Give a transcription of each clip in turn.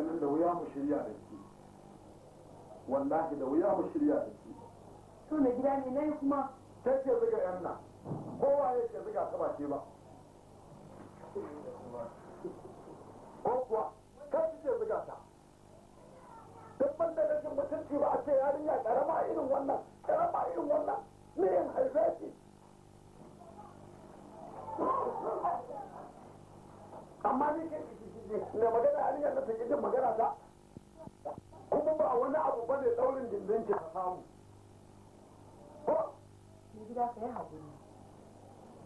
ganin da wuya mu shirya da shi wallahi da wuya mu shirya da shi to na gida ne na yi kuma ta ce zuga yan nan kowa ya ce zuga ta ba ba ko kuwa ci ce zuga ta dabban da rashin mutunci ba a ce yarinya karama irin wannan karama irin wannan me yin haife ce amma ni ke mai magana hanyar na magana ta kuma ba wani abu ba ne daurin gindin ki ta samu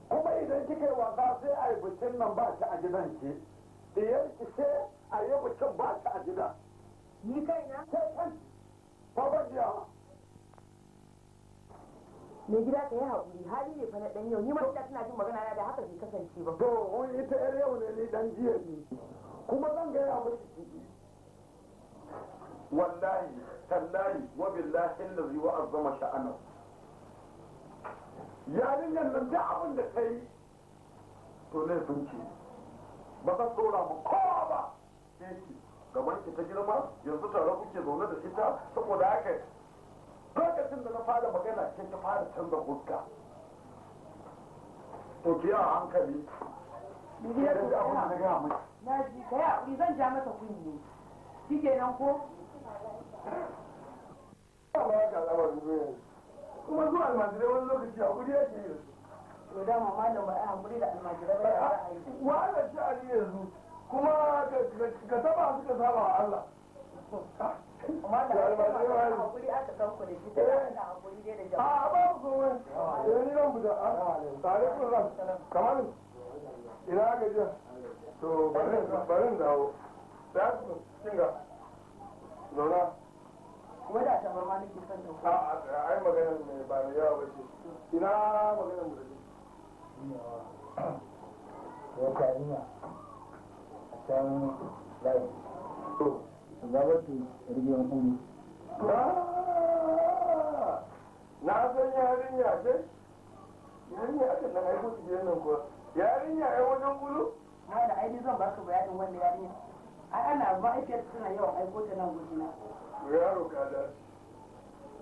kuma idan kika yi wasa sai a yi bikin nan ba ta a gidan ki diyar ki sai a yi bikin ba ta a gida ni kai na sai kan jiya mai gida yi haƙuri hali ne fa na ɗan yau ni ma ina tana jin magana na da haka bai kasance ba to wani ita yar yau ne ni dan jiya ne kuma zan gaya miki wallahi tallahi wa billahi allazi wa azzama sha'ana yarinyar nan da abin da ta yi to ne sun ce ba ka tsora mu kowa ba ke ki gaban ki ta girma yanzu tare kuke zaune da ita saboda haka lokacin da na fara magana ke ta fara canza fuska to ki a hankali bibiyar na ji ka yi haƙuri zan ja masa shi ko kuma zuwa almajirai wani lokaci a kudi yake yi to da mama da da almajirai ba ra'ayi shi ali yanzu kuma ka saba saba wa Allah amma da aka kan ku da shi ta dai da jama'a a ba ku yanzu nan buda a tare kuma kamar ina ga jiya to barin dawo da shinga. zauna kuma da ta farma nake son dauka a ai magana ne ba mai yawa ba bace ina magana mu da ko ka ina a can layi to ga wato rigiyan kuma na san yarinya ce yarinya aka na haifo su nan kuwa yarinya ai wajen gulu mana aini zan baka bayanin wannan yarinya ai ana ma'aikiyar suna yawan aiko ta nan na. yaro ka dace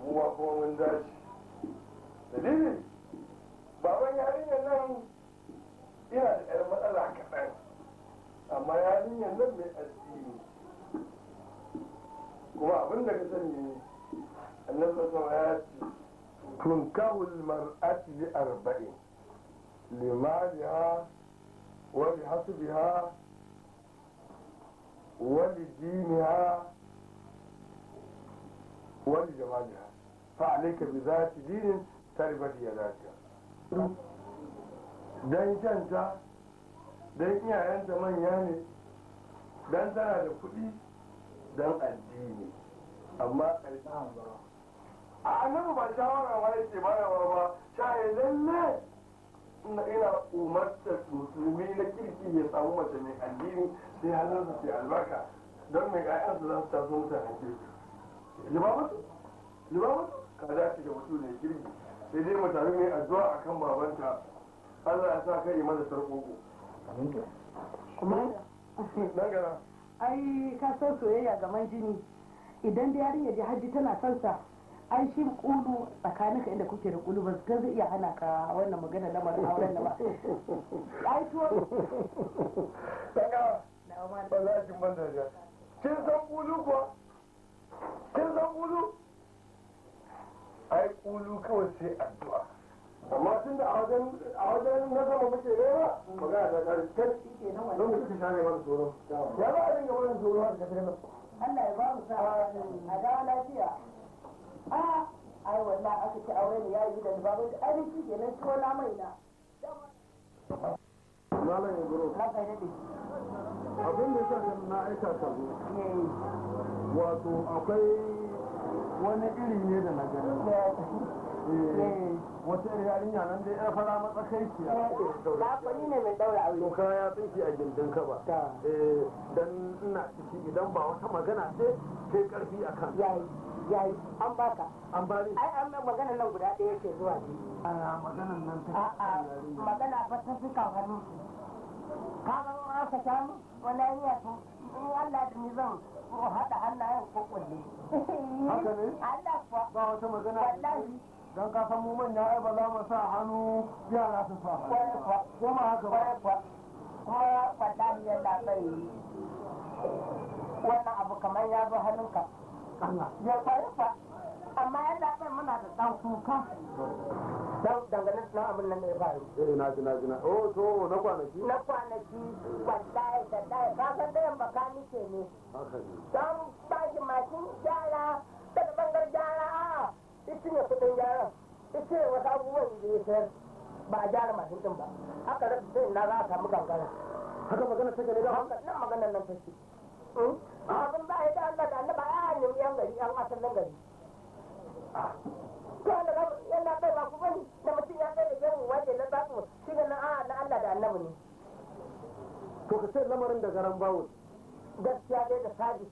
mu ma kuma mun dace dalili baban yarinyar nan ina da yar matsala kaɗan amma yarinyar nan mai addini kuma abin da ka sani annabi sallallahu alaihi wasallam ya ce tunkahul mar'ati li arba'in لمالها ولحسبها ولدينها ولجمالها فعليك بذات دين تربت يداتها don kyanta don iyayenta manya ne don tana da kuɗi don addini amma ƙarfi a annabi ba shawara ma yake bayarwa ba shaye lalle ina umarta musulmi na kirki ya samu mace mai addini sai halarsa sai albarka don mai su za su taso mutanen kirki limamatu limamatu ka dace da mutum ne kirki sai dai mutane mai addu'a akan babanta Allah ya sa kai mana sarƙoƙo kuma ai ka san soyayya ga jini idan da yarinya ji hajji tana son sa an shi kulu tsakaninka inda kuke da kulu ba zai iya hana ka wannan magana na mara auren da ba ai to daga ba za ki ban da ja kin san kulu ko kin san kulu ai kulu kawai sai addu'a amma tun da a wajen na sama muke ba magana da kare kai don mu kike shane mana tsoro ya ba a dinga mana tsoro har da Allah ya ba mu sa'a a da lafiya a ah, ai wallahi aka ci aure ne yayi da babu da ai shi kenan tuwo na mai na malam ya guro abin da yasa na aika ta zo eh. wato akwai wani iri ne da na gani eh. Eh. wata yarinya nan dai yar fara matsakaiciya ba ni ne mai daura aure to ya tsinki a gindin ka ba eh, dan ina ciki idan ba wata magana ce ke karfi akan yayi yayi an baka an bari ai an magana nan guda ɗaya ce zuwa a maganan nan ta a magana ba ta fi kan hannu ka ga mun aka samu wannan iya tun in Allah da ni zan haɗa hannayen ko kulle haka ne Allah kuwa ba wata magana wallahi don san mu manya ai ba za mu sa hannu yara su sa kuma haka ba kuma wallahi yalla bai wannan abu kamar ya zo ka. ya kwaye fa amma yalla bai muna da dan kuka dan dangane da abin nan ne ba eh na ji na ji na oh to na kwanaki na kwanaki wallahi da dai ka san da yan baka ke ne dan ba shi mashin gyara daga bangar gyara ikin ya kudin gyaran ikin ya wata abubuwan da ya sayar ba a gyara masu din ba haka da sai na za a samu gangara haka magana ta gane da haka nan maganar nan ta ce abin ba ya da Allah da Allah ba a yi yan gari yan asalin gari ah. ko da ga yana bai ba ku bane da mutum ya kai da gero waje na zaku shi ne ah, na Allah da annabi ne to ka ce lamarin da garan bawo gaskiya dai da sabis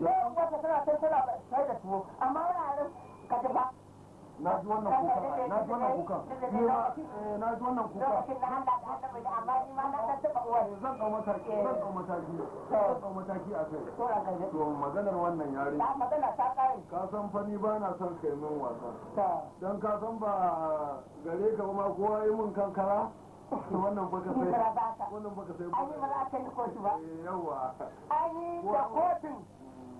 yawan tana tana sai da tuwo amma ka ji ba na ji wannan kuka na ji wannan kuka ni ma na ji wannan kuka lokacin da da amma ni ma na san taba uwar zan mataki zan mataki zan mataki a kai to maganar wannan yare ta magana ta kare ka san ba na son kai min wasa dan ka san ba gare ka ba ma kowa yi min kankara wannan baka sai wannan baka sai an yi ba za ta yi kotu ba eh, yawa an yi da kotun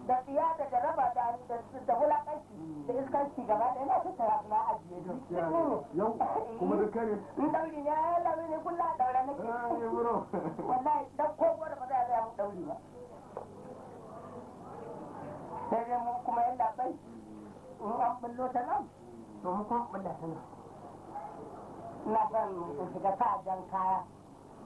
da tsiya da jaraba da da wulakanci da hmm. iskanci gaba da yana tattara na ajiye don yau kuma da kare in dauri ne ya lauri ne kulla daura nake eh, wallahi dan kogo da ba za a zaya mu dauri ba sai dai mu kuma yalla bai in an bullo ta nan to mu kuma bulla ta nan na ban shiga jan kaya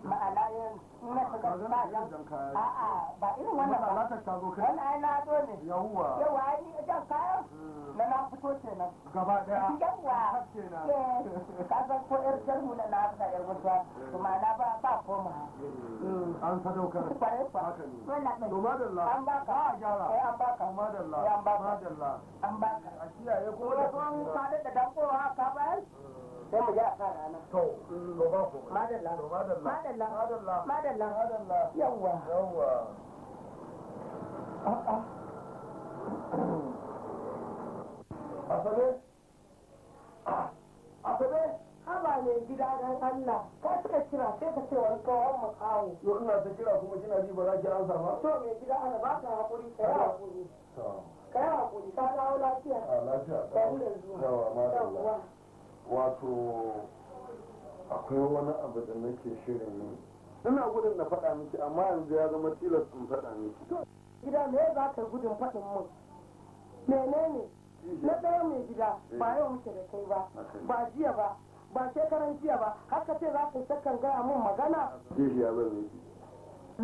ma'ana yin na shiga jan kaya ba irin wannan ba wannan ai na zo ne yawwa yawa ai jan kaya na na fito kenan gaba daya ka san ko yar jarmu na na da yar kuma na ba ba koma an sadaukar haka ne to madalla an gyara eh an baka madalla an baka madalla an baka a kiyaye ko da kun ka da haka ba hmm. sai mu ga a fara nan to to ba ku madalla madalla madalla madalla madalla yawa yawa a'a ah, ah. asabe asabe haba ne gida dan Allah ka suka kira sai ka ce wani kawon mu kawo to ina ta kira kuma kina ji ba za ki ansa ba to me gida ana ba ka hakuri kai hakuri kai hakuri ka dawo lafiya a lafiya ka dawo yawa madalla wato akwai wani abu da nake shirin yi ina gudun na faɗa miki amma yanzu ya zama tilas in faɗa miki gida me za ka gudun faɗin mun menene na ɗaya mai gida ba yau muke da kai ba ba jiya ba ba shekaran jiya ba haka ce za ka yi shakkan gaya mun magana jiya zan yi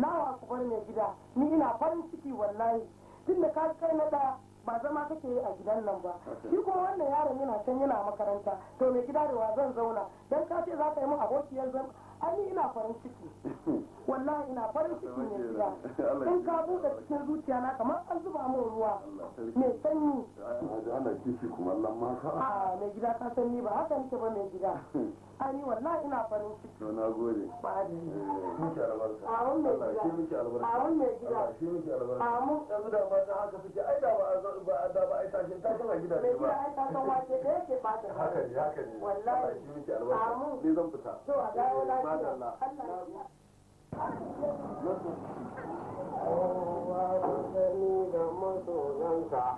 lawa ku bar mai gida ni ina farin ciki wallahi tun da ka kai na ɗaya ba zama kake yi a gidan nan ba shi kuma wannan yaron yana can yana makaranta to mai gida da wa zan zauna don ka ce za ka yi mu abokiyar zan ani ina farin ciki wallahi ina farin ciki ne gida in ka buɗe cikin zuciya na kamar an zuba min ruwa mai sanyi a mai gida ka san ba haka nake ba mai gida ani wala ina farin ciki to na gode ba da ni eh, miki albarka a wannan Allah shi miki albarka a wannan gida Allah miki albarka a mu yanzu da ba haka suke ai da ba da ba ai ta kana gida ne ba ai ta san wace da yake ba ta haka ne haka ne wallahi Allah miki albarka a mu ni zan fita to a dawo eh, lafiya Allah Allah Oh, I was a need of muscle and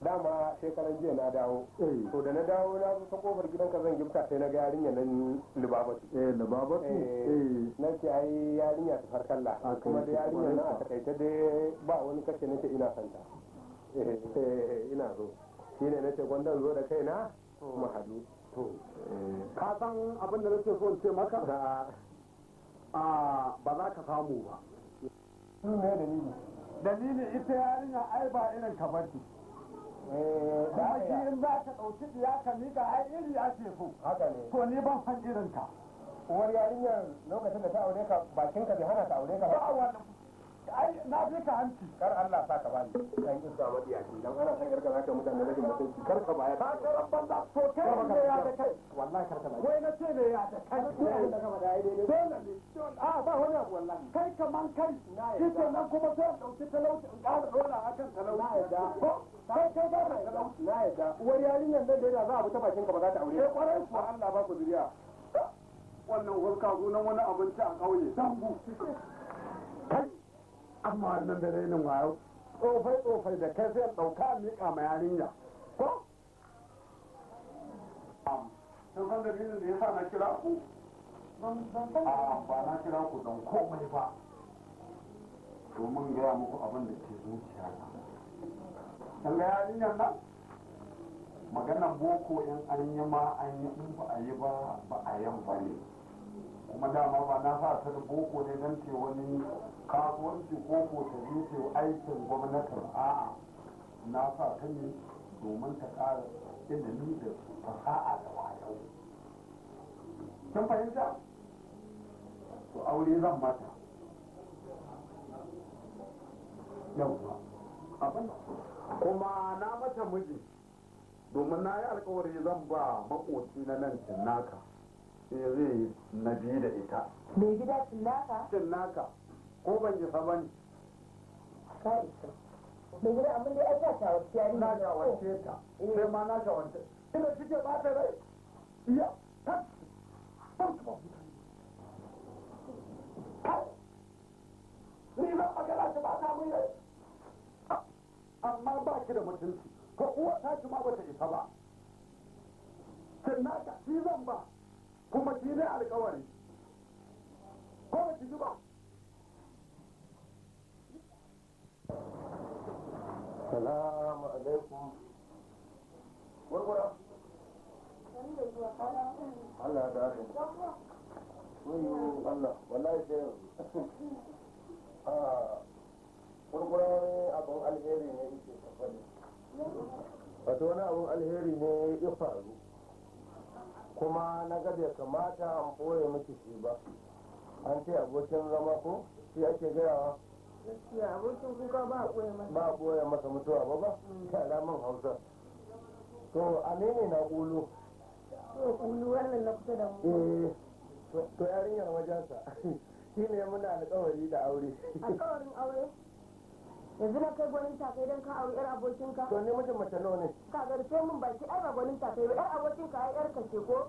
dama shekaran jiya na dawo eh. to da na dawo na ta kofar gidanka zan gifta sai na ga yarinya nan libabatu eh libabatu eh. eh na ce ai yarinya ta farkalla kuma da yarinya nan a takaita dai ba wani kashe nake ina santa eh, eh ina zo shine nace gwandan zo da kaina kuma hadu ka san abin da nake so in ce maka a ah, ba za ka samu ba dalili ita yarinya ai ba irin ka bace Baki eh, in za ka ɗauki ɗiya ka miƙa ai iri ake so. To ni ban san irinka. Uwar yarinyar lokacin da ta aure ka bakinka bai hana ta aure ka ba. Ba ai na fi ka hanci kar Allah sa ka bani dan isa madiyaci dan ana san yarka zaka mutane rashin mutunci kar ka baya ka karan banza to kai ne ya da kai wallahi kar ka baya wai na ce ne ya da kai ne da kama da ai dai dole ne a ah, ba wani abu wallahi kai ka man kai shi ke nan kuma sai dauki talauci in ƙara dora akan talauci da ko sai kai ba ka talauci na yadda uwar yarinyar nan da yana za a bi ta bakin ka ba za ta aure sai eh, kwarai kuwa Allah ba ku zuriya ah. wannan hulka sunan wani abinci a ƙauye dangu kai amma wannan da rainin wayo tsofai tsofai da kai sai ɗauka miƙa ma yarinya ko sun san dalilin da ya sa na kira ku ba na kira ku don komai ba domin gaya muku abin da ke zuciya na ga yarinyar nan maganan boko yan an ma an yi in ba a yi ba ba a yan ba ne kuma dama ba na sa ta da boko ne don ce wani kasuwanci ko ko ta ce aikin gwamnatin a'a na sa ta ne domin ta ƙara ilimi da fasa'a da wayo kin fahimta to aure zan mata yawwa abin kuma na mata miji domin na yi alkawari zan ba makoci na nan naka sai zai yi na biyu da ita mai gida Cin naka, ko ban ji sa bane ka isa mai gida amma ne ya ta ta wasu yari na ga ta sai ma na ga wace ina cike ba ta rai iya ta ni zan magana ta ba ta mun rai amma ba ki da mutunci ko uwa ta ta ma ba ta isa ba cinnaka shi zan ba kuma shi ne alkawari ko ba ki ji ba salamu alaikum gwargwara Allah da ake Allah wallahi sai yanzu kurkura ah, wani abin alheri ne yake tafani wato wani abin alheri ne ya faru kuma na ga bai kamata an boye miki shi ba an ce abokin zama ko shi ake gayawa gaskiya abokin kuka ba boye masa ba boye masa mutuwa ba ba ta mm. ramin hausa to a amene na ulu to ulu wannan na kusa da mu eh to yarinyar wajensa shi ne muna alƙawari da aure alƙawarin aure yanzu na kai gwanin takai don ka auri yar abokinka to ne mijin mace nawa ne ka garfe min baki yar abokin gwanin takai ba yar abokinka ai yar kace ko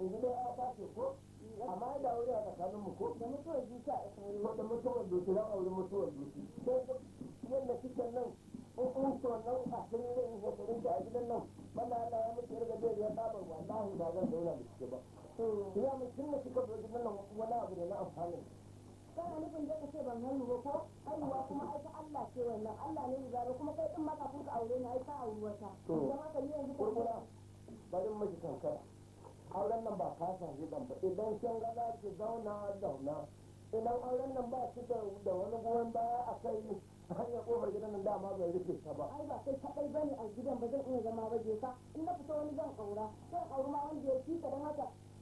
yanzu dai a ta ko amma da aure a tsakanin mu ko da mutuwar zuci a tsakanin mu da mutuwar zuci na aure mutuwar cikin nan in kun so nan a cikin yin shekarun a gidan nan bana Allah ya mutu yarda bai ya tsabar wallahi ba zan zauna da shi ba hmm. ya mutum ka cika bai gidan nan wani abu da na amfani kana nufin da kace ban hannu ba ko aiwa kuma ai ta Allah ce wannan Allah ne ya zaba kuma kai din maka ka aure na ai ka aure wata to kuma ka yi yanzu kurkura barin miji kankara auren nan ba ka san dan ba idan kin ga za ki zauna zauna idan auren nan ba shi da wani goyon baya a kai hanyar kofar gidan nan dama bai rufe ta ba ai ba kai kadai bane a gidan ba zan iya zama ba je ka in na fita wani zan kaura zan kaura ma wanda ya ka don haka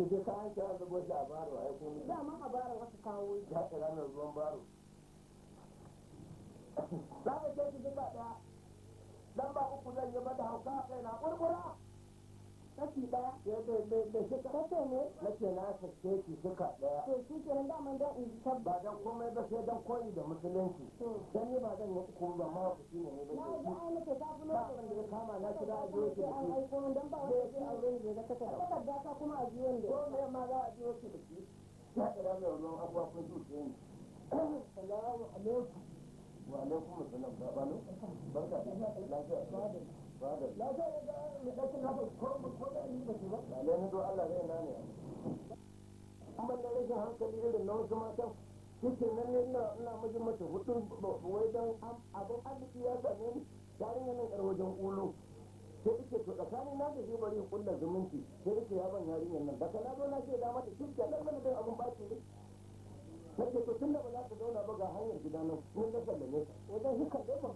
ki je ka aiki an zubo shi a baro ai ko ni daman a baro wasu kawo shi ya kira ranar ruwan baro za ka je ki zuba ɗaya dan ba uku zan yi mata hauka kai na ƙurƙura kashi ba da da da shi ka kace ne nace na sake ki duka daya to shi kenan da man dan in ba dan komai ba sai dan koyi da musulunci dan ne ba dan ku ba ma ku shi ne ba na ga ai nake ta bulo ba ban da kama na kira a jiyo ki ai ko dan ba wai sai auren ne da kaka ka da ka kuma a jiyo ne ko me ma za a jiyo ki da shi ya da ran yau don abuwa ko su zuciya ni assalamu alaikum wa alaikum assalam ba ba barka da lafiya la ta yi ga mai ɗakin haka ko da ni ba su ba ne ni don Allah a nane an ban da rashin hankali irin na wasu mata. shi nan ne ina ina mijin mace hudu wai dan abin arziki ya same ni yarinya nan yar wajen kulu. sai ike to tsakanin na da bari kulla zumunci sai ike ya ban yarinya nan daga na zo na ce da mata shi ke nan mana dan abin baki ne nake to tunda ba za ta zauna ba ga hanyar gida nan mun na sallame ta wajen hikar dai ba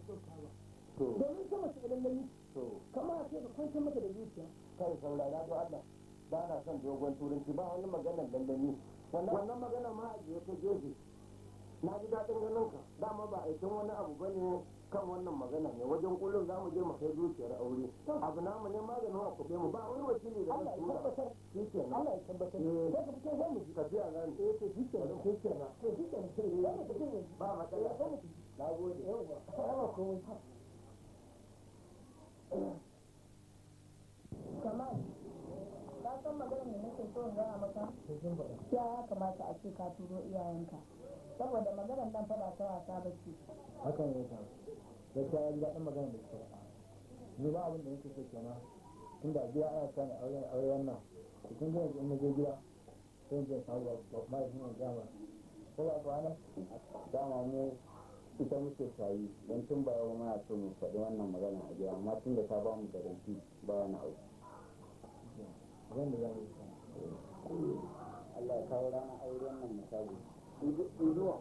saurara don Allah ba na son dogon turanci ba wani maganar dandami wannan magana ma a ta gefe na ji daɗin ganin ka dama ba aikin wani abu ba ne kan wannan magana ne wajen kullum za mu je mu kai zuciyar aure abu namu ne maganin wa kuɗe mu ba wani wakili da zai tura shi ke nan Allah ya tabbatar sai eh. ka sai mu ji tafiya za eh shi ke nan shi ke nan shi ke nan sai eh. mu ba matsala eh, na gode yawa kamar san maganar da nake so in gaya maka ya kamata a ce ka turo iyayenka saboda maganar nan ba ta wasa ba ce hakan ne ta gaskiya ya yi daɗin maganar da suka faɗa ni ba abin da nake so kenan tunda biya ana ta ne auren auren nan kun ga yanzu in na gida sai in je in samu ba kuma yin gama ko ba ba ne dama mu ita muke sayi don tun ba yau muna so mu faɗi wannan magana a gida amma tun da ta ba mu garanti ba wani abu Allah ya kawo ranar auren nan misali zuwa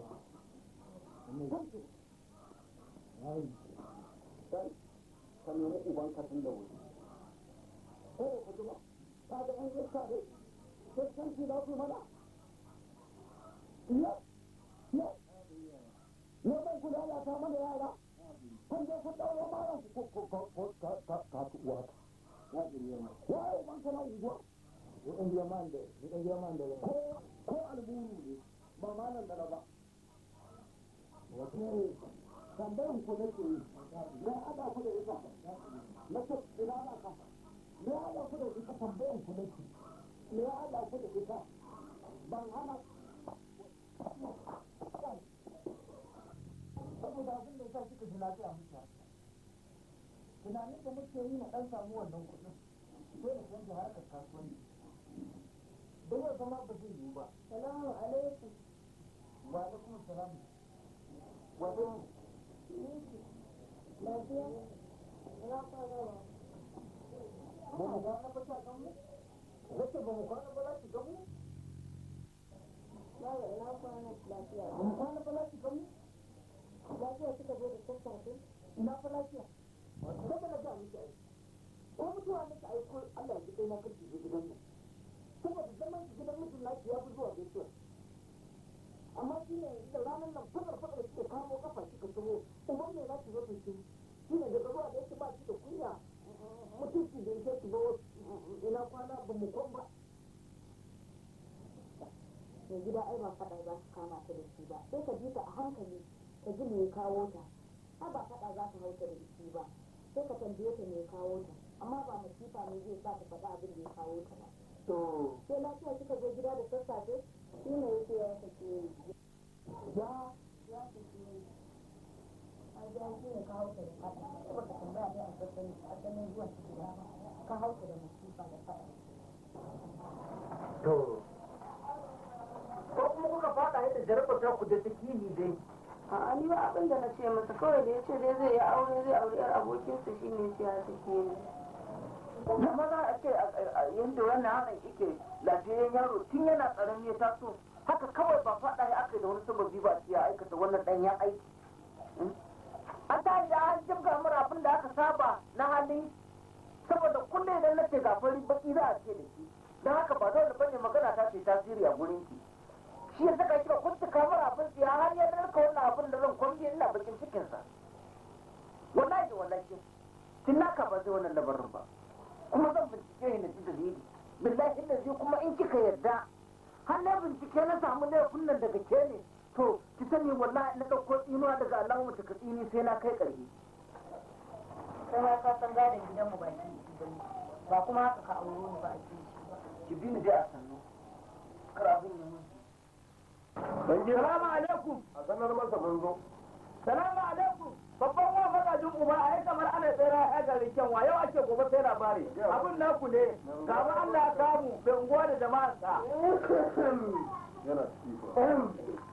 ka uban da wuri kada ku yi sa sai za mana wannan ku lalata mana yara kun je kun ɗaura mara ku ka ku uwa ka ya yi man kana unguwa biya man da biya man da ko alburu ne ba malam da ba wato eh, tambayin ku yi na haɗa ku da ita na ce ina haɗa ka ya haɗa ku da ita tambayin ku nake ku da ban hana saboda abin da ya sa kika ji lafiya muke haka tunanin da muke yi na ɗan samu wannan kuɗin sai da canza harkar kasuwanci da yau zama ba zai yi ba salamu alaikum wa alaikum salamu wa alaikum lafiya ina farawa ba mu kwana ba ta gamu wace ba mu kwana ba za ki gamu ya ina kwana lafiya. Ba mu kwana ba za ki gamu? lafiya suka zo da tattarfin na fi lafiya daga da gani ki ko mutuwa na ta aiko allah ya kai na karfi da gidan nan saboda zaman gidan mutum laki ya fi zuwa gaisuwa amma shi ne da ranar nan fadar fadar suke kamo kafa suka taho uban ne za ki zo ki shi ne daga zuwa da yake ba shi da kunya mutunci da yake ki zo ina kwana ba mu kwan ba gida ai ba faɗa za su kama ta da shi ba sai ka bi ta a hankali ka ji mai kawo ta har ba faɗa za ta hauta da ita ba sai ka tambaye ta mai kawo ta amma ba masifa ne zai sa ta faɗa abin da ya kawo ta ba to na lafiya kika zo gida da sassafe shi ne yake ya sake ya ya sake an ja shi ne ka hauta da faɗa ba ka tambaya ne a sassan a sanin zuwa ciki ba ka hauta da masifa da ta to ko kuma kuka faɗa yadda jarabar ta ku da ta kini dai a ni ba abin da na ce masa kawai da ya ce dai zai yi aure zai auri yar abokinsa shi ne sai ya sake ni Kuma maza a ce yadda wannan hannun ike lafiyayyen yaro tun yana tsaron ya taso haka kawai ba faɗa ya aka da wani sababi ba ya aikata wannan ɗan ya aiki an hmm? ta da an jibga mura abin da aka saba na hali saboda kullum idan na ce gafari baki za a ce da shi don haka ba dole bane magana ta ce tasiri a gurin ki shi ya saka shi ba kun cika abin ya har ya ka wani abin da zan kwamfi ina bakin cikinsa wallahi da wallahi tun naka ba zai wannan labarin ba kuma zan bincike ne na ji zai billahi da zai kuma in kika yarda har na bincike na samu laifin nan daga ke ne to ki sani wallahi na ɗauko tsinuwa daga Allah mu ta katsini sai na kai ƙarfi. sai ma ka san gidanmu ba ki ba kuma haka ka auro mu ba a ki bi ni dai a sannu kar abin ya mun salamu alaikum a sanar masa mun zo salamu alaikum babban wa uba a yi kamar ana tsira ya gari kyanwa yau ake gobe sai labari abin naku ne ga mu Allah ya kamu bai unguwa da jama'arsa yana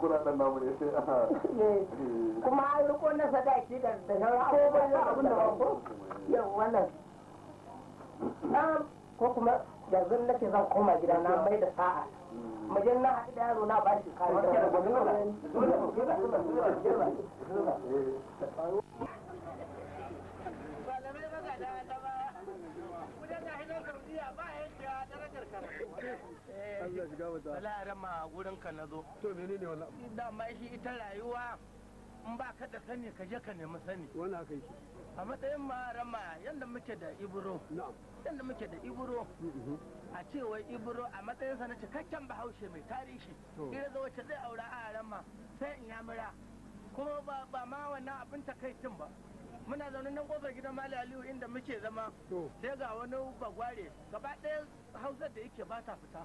kuraɗen namu ne sai aha kuma an riko na sadaki da sauran abubuwan da abin da ko yau wannan ko kuma yanzu nake zan koma gida na mai da sa'a majin na haɗu da yaro na ba shi kayan a ka na zo to menene wannan dama shi ita rayuwa in ba ka da sani ka je ka nemi sani Wannan haka yake a matsayin ma rama yadda muke da ibro yadda muke da ibro mm-hmm. a cewa ibro a matsayinsa na cikakken bahaushe mai tarihi ira zo wacce zai aura a rama sai in yamura kuma ba ma wannan abin takaicin ba muna zaune nan kofar gidan mali aliyu inda muke zama sai ga wani bagware gaba ɗaya hausar da yake ba ta fita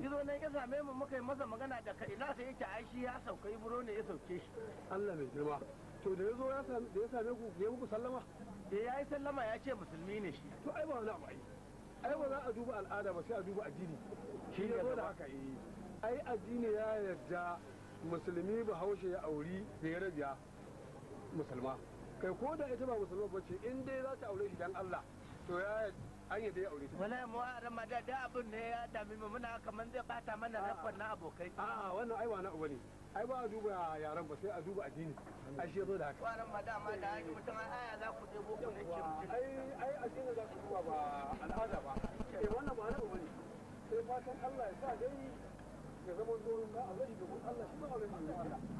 gizo nan ya same mu muka yi masa magana da ka ina sai yake aishi ya sauka ibro ne ya sauke shi allah mai girma to da ya zo ya same ku ya muku sallama da eh, ya yi sallama ya ce musulmi ne shi to ai ba wani abu ai ai ba za a duba al'ada ba sai a duba addini shi ya zo da haka eh ai addini ya yarda musulmi bahaushe ya auri da ya musulma kai ko da ita ba musulma ba ce in dai za ta aure shi dan Allah to ya an yi dai aure shi wallahi mu a ma da da abun ne ya dami mu muna kaman zai bata mana rakon na abokai a a wannan aiwa na uba ne ai ba a duba yaran ba sai a duba addini a shi yazo da haka wannan ma da ma da haka mutum ai aya za ku debo ku ne ke mutum ai ai ne za ku duba ba al'ada ba eh wannan ba na uba ne sai fatan Allah ya sa dai ya zama zuwa na Allah da Allah shi ba Allah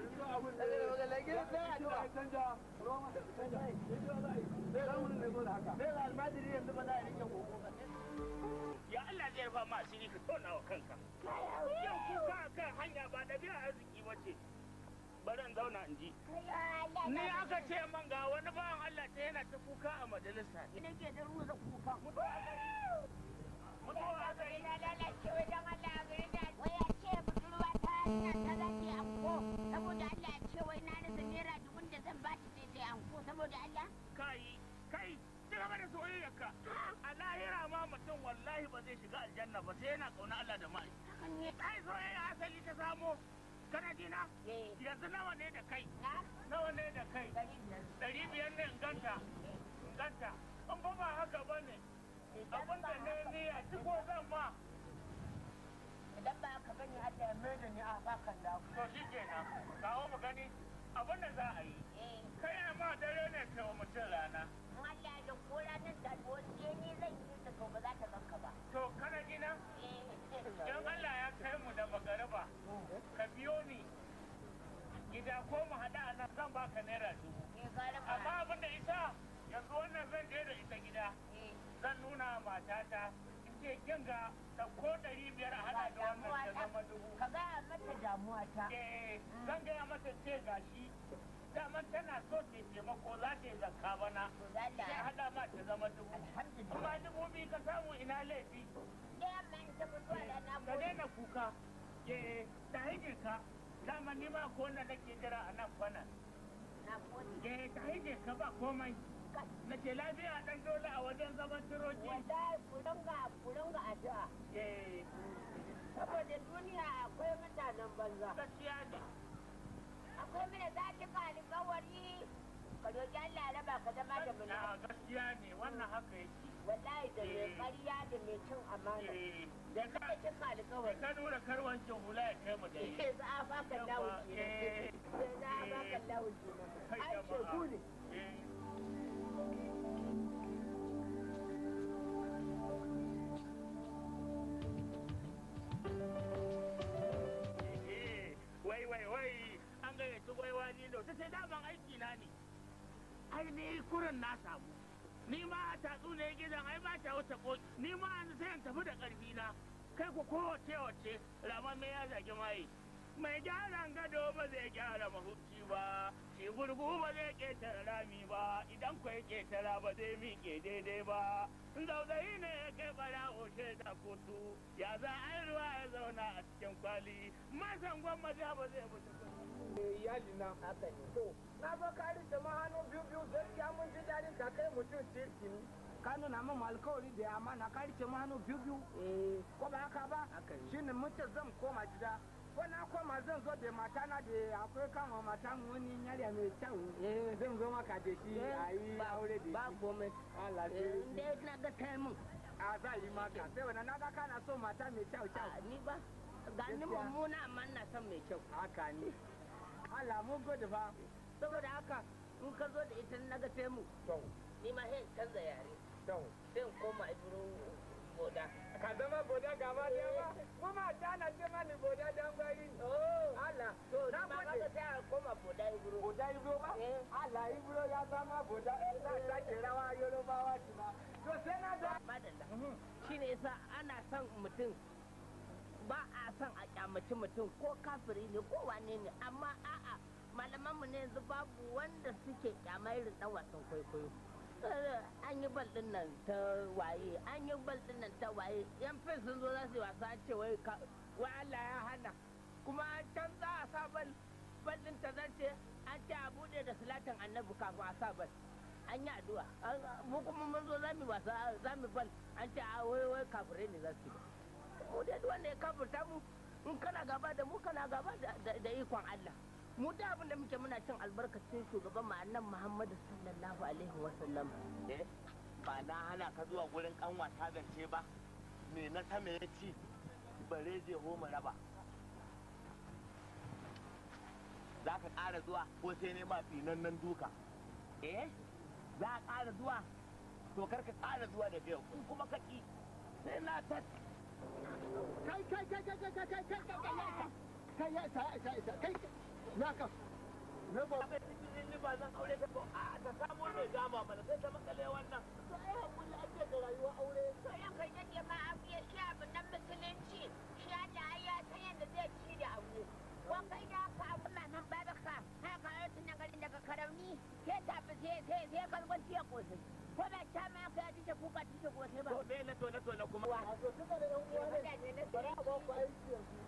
ya Allah zai rufa ma asiri ka tona wa kanka yau kuka a kan hanya ba ɗabi'a arziki ba ce baran zauna in ji ni aka ce man ga wani bawan Allah ta yana ta kuka a majalisa ni nake da ruza kuka mutuwa a gari Ina lalacewa don Allah a gari waya ce budurwa ta hanyar ta aljanna ba sai yana kauna Allah da mai Kai so ya asali ta samo kana na. yanzu nawa ne da kai nawa ne da kai dari biyar ne ganta ganta in ba ba haka ba ne abin da ne ni a ciko zan ma idan ba ka gani a ya mai da ni a bakan da to shi kenan kawo mu gani abin da za a yi kai na ma dare ne ta wa mutum rana Allah ya da ko ranar da wani ne zai yi ta to ba za ta zanka ba to biyo gida ko mu haɗa a nan zan baka naira dubu eh, amma abin da isa yanzu wannan zan je da ita gida eh. zan nuna matata in ce kin ga ko ɗari biyar a haɗa da wannan da zama dubu ka gaya mata damuwa ta eh, mm. zan gaya mata ce gashi daman tana so ta taimako za ta yi zakka bana sai hada ma ta zama dubu kuma dubu biyu ka samu ina laifi ka daina kuka ke ta hije ka dama ni ba ko na nake jira a nan kwana ke da hije ka ba komai na ce lafiya dan dole a wajen zaman turoki wallahi ku dinga ku dinga addu'a eh saboda duniya akwai mutanen banza gaskiya ne akwai mana za ki kali alƙawari ka roki Allah ya raba ka zama da muna gaskiya ne wannan haka yake wallahi da mai eh. ƙarya da mai cin amana eh. da alƙawari ka nuna hula ya kai mu da yi za a baka lawo eh. a baka lawo ai shegu ne wai wai wai an gayyaci gwaiwa ni da ta sai daman aiki na ne ai kurin na samu ni ma a tatsu ne gidan ai ba ta wuce ko ni ma an sai tafi da karfi na kai ku kowace wace rama me ya zagi mai mai gyaran gado ba zai gyara mahuci ba shi gurgu ba zai ƙetare rami ba idan ku ƙetara ba zai miƙe daidai ba zaudayi ne ya kai bara oshe da kotu ya za a ruwa ya zauna a cikin kwali masan gwamnati ba zai mutu eh, iyali na haka ne to na mutum sirkin ka nuna min alkawari da amma na ka rike hannu biyu biyu eh. ko ba haka ba ne mutum zan koma gida ko na koma zan zo da mata na da akwai kama mata mu wani yariya mai kyau eh. zan zo maka da shi eh. a yi aure da shi ba komai Allah na ga taimu a za yi maka sai wannan na ga kana so mata mai kyau kyau ah, ni ba ga ni mummuna amma na son mai kyau haka Allah gode fa saboda haka in ka zo da ita na ga sai ni ma canza yare koma ibro boda ka zama boda ga ma da ba kuma ta na ma ni boda dan oh. to na koma boda ibro boda ibro ba eh. ibro ya zama boda ta eh, shi ma to sai da madalla mhm. shine yasa ana san mutum ba a son a kyamaci mutum ko kafiri ne ko wane ne amma a'a malamanmu ne yanzu babu wanda suke kyamar irin dan wasan kwaikwayo an yi bal din nan ta waye an yi bal nan ta waye yan fes sun zo za su yi wasa an ce wai Allah ya hana kuma can za a sa bal bal din ta zance an ce a bude da salatin annabi kafin a sa bal an yi addu'a mu kuma mun zo za mu wasa za mu bal an ce a wai wai kafirai ne za su yi mu dai wanda ya kafirta mu in kana gaba da mu kana gaba da ikon Allah mu da abin da muke muna cin albarkacin shugaban mu annan Muhammadu sallallahu alaihi wa sallam ba na hana ka zuwa gurin kanwa ta zance ba me na ta ya ci bare je ho mu raba za ka ƙara zuwa ko sai ne ma nan duka eh za a ƙara zuwa to kar ka ƙara zuwa da yau in kuma ka ƙi sai na ta kai kai kai kai kai kai kai kai kai kai kai kai kai kai na na ba ka cikin ni ba zan aure ta ko a ta samu mai gama mana sai ta makale wannan to ai hakuri ake da rayuwa aure to yan kai yake ma a fiye shi abu nan musulunci shi Allah ai ya yadda zai ci da abu ko kai da ka abu na nan ba da ka ha ka yi tun garin daga karami sai ta fi sai zai sai kalgwanci ya ko da ta ma ka yi ta kuka ta kosin ba to bai na tona-tona kuma wa to suka da yan uwa ne ba ku aiki yanzu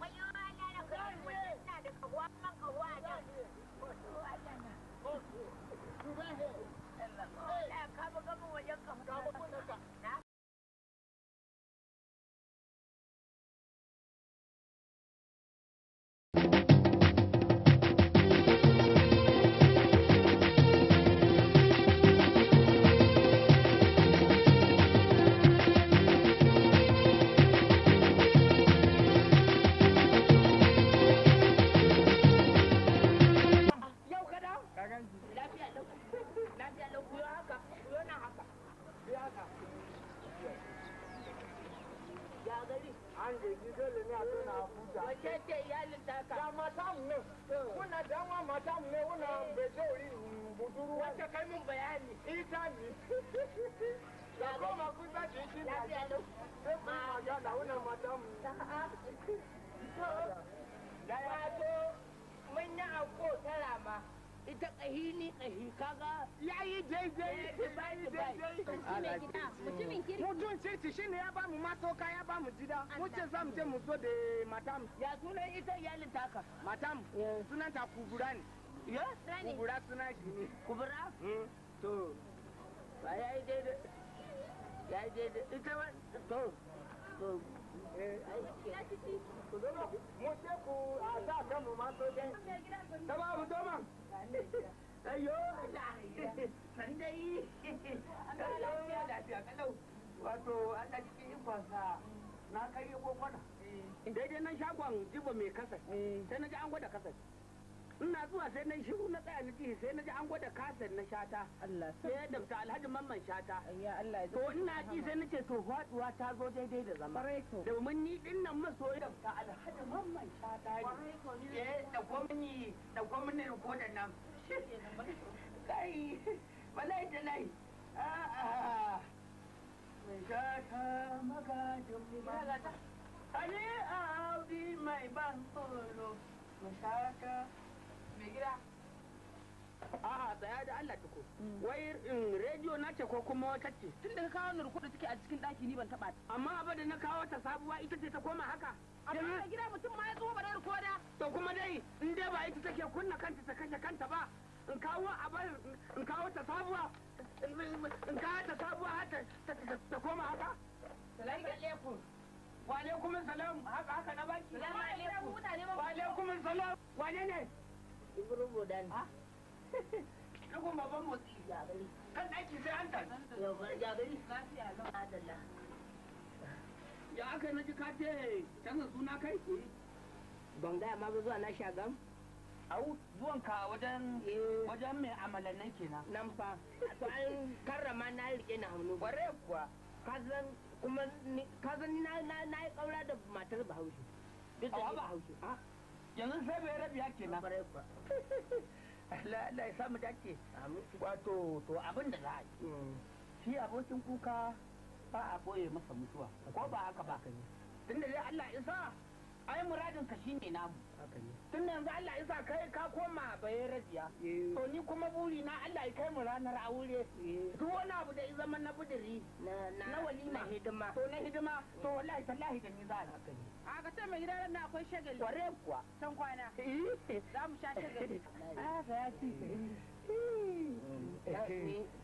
Mày ơi! ta kai mun bayani ita eh, ne da goma kun za ki shi na ya sai kun ah. magana wannan madam da ya to mun yi anko ta rama ita ƙahi ni ƙahi kaga ya yi daidai ya yi daidai mutumin kirki mutum kirki ya ba mu matoka ya ba mu gida za mu je mu so da matam ya sunan ita iyalin taka matam eh. sunan ta kubura ne kubura suna shi ne kubura hmm. to ba ya yi daidai ya yi daidai ita ba to to eh, dai na kai eh. daidai nan shagon jibo mai kasar eh. sai na ji an gwada kasar ina zuwa sai na shiru na tsaya na ji sai na ji an gwada kasar na shata Allah sai da Alhaji Mamman shata ya Allah to ina ji sai na nace to faduwa ta zo daidai da zama domin ni din nan maso ya da Alhaji Mamman shata ne eh da gwamni da gwamni gwamnati rikodar nan kai wallahi da lai a'a mai shata magajin ba Ali a mai ban tsoro, mashaka A'a tsaya da Allah ta ko. Mm. Wai mm, rediyo na ce ko kuma wata ce. Tun da ka kawo nur kuɗi take a cikin daki ni ban taɓa ta. Amma abin da na kawo ta sabuwa ita ce ta koma haka. Amma a gida mutum ma ya tsoho ba da rikoda. To kuma dai in dai ba ita take kunna kanta ta kashe kanta ba. In kawo abin in kawo ta sabuwa. In kawo ta sabuwa har ta koma haka. Salamu alaikum. Wa alaikum salam haka haka na baki. Salamu alaikum. Wa alaikum salam. Wane ne? duburin boda ne lugun motsi kan sai an yau lafiya lau ya aka na ji canza suna kai ban gaya ma ba zuwa na shagam au zuwan ka wajen eh. wajen mai amalan nan kenan nan fa to an karrama na rike na hannu kware kuwa kuma na na na kaura da matar bahaushe duk da bahaushe ah. yanzu sai bai rabiya kenan Allah ya samu dace wato to abin da za a yi mm. shi abokin kuka ba a boye masa mutuwa ko ba haka ba tunda dai Allah isa ai muradin ka shine namu tun yanzu Allah isa kai ka koma bayan rajiya eh. to ni kuma buri na Allah ya kai mu ranar aure eh. duk wani abu da zama na buduri na walima hidima to na hidima to wallahi tallahi da ni za a a ga ta mai gidan na akwai shagali kware kuwa san kwana eh. za mu sha shagali ah, a ga ya ci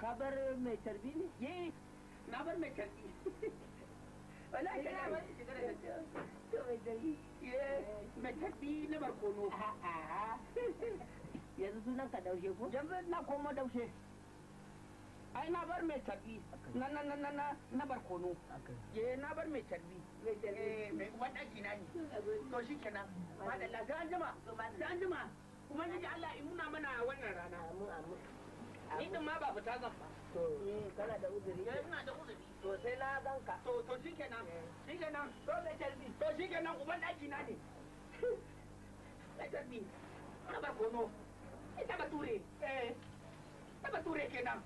ka bar mai tarbi ne ye na bar mai tarbi wallahi ka bar shi da to mai tarbi eh mai na barkono yanzu sunan ka daushe ko yanzu na komo daushe ai na bar mai tarbi na na na na na barkono Ye eh, na bar mai tarbi eh mai wadaki ni to shikenan madalla sai an jima sai kuma ni ji Allah in mana wannan rana ni din ma ba fita zan ba to eh, kana da uzuri eh, ina da to sai na ka to to shikenan shikenan to da tarbi to shikenan uban daki na ne da tarbi ka ba gono ita ba ture eh ta ba ture kenan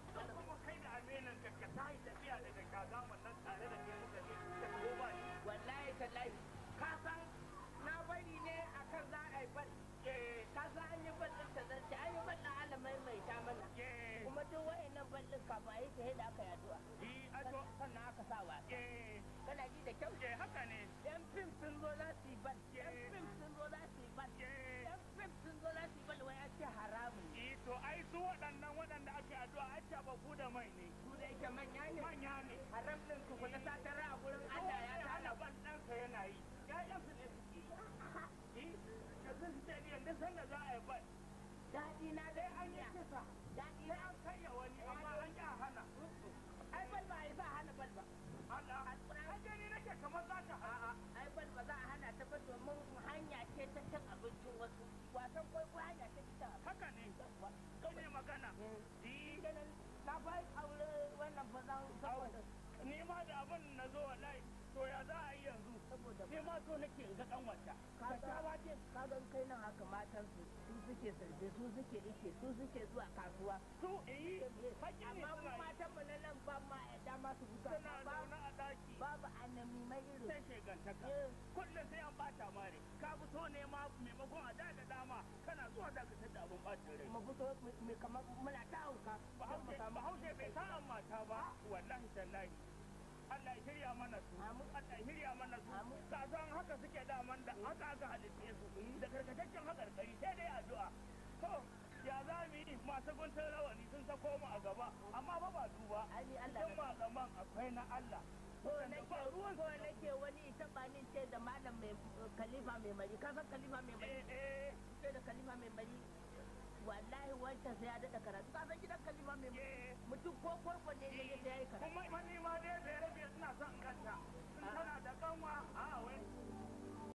Yeah. ni da abin na zo wallahi to ya za a yi yanzu sai ma so nake in ga kan wata ka shawa ce ka ga kai nan haka matan su su suke sarfe su suke ike su suke zuwa kasuwa su eh hakki ne amma matan mu nan ba ma da ma su buka ba a daki babu annami mai irin sai shegantaka eh. kullum sai an bata mare ka fito ne ma maimakon a da dama zuwa za ka tada abin bacin rai. Mu fito mai kamar muna ta hauka. Bahaushe bai sa'an mata ba ah. wallahi tallahi. Allah ya shirya mana su. Allah ya shirya mana su. Kazan haka suke daman da haka aka halitta su. Mm. Da karkataccen haƙarƙari sai dai addu'a. To ya za mu yi masu guntun rawani sun sako mu a gaba mm. amma ba ba duba. Sun ma zaman akwai na Allah. ko nake wani ita ce da malam mai eh, kalifa mai mari kasan kalifa mai mari eh, eh. da kalima mai bari wallahi wancan sai ya daɗa karatu ka san gidan kalima mai eh. mutum ko ne ya yi karatu kuma ma da ya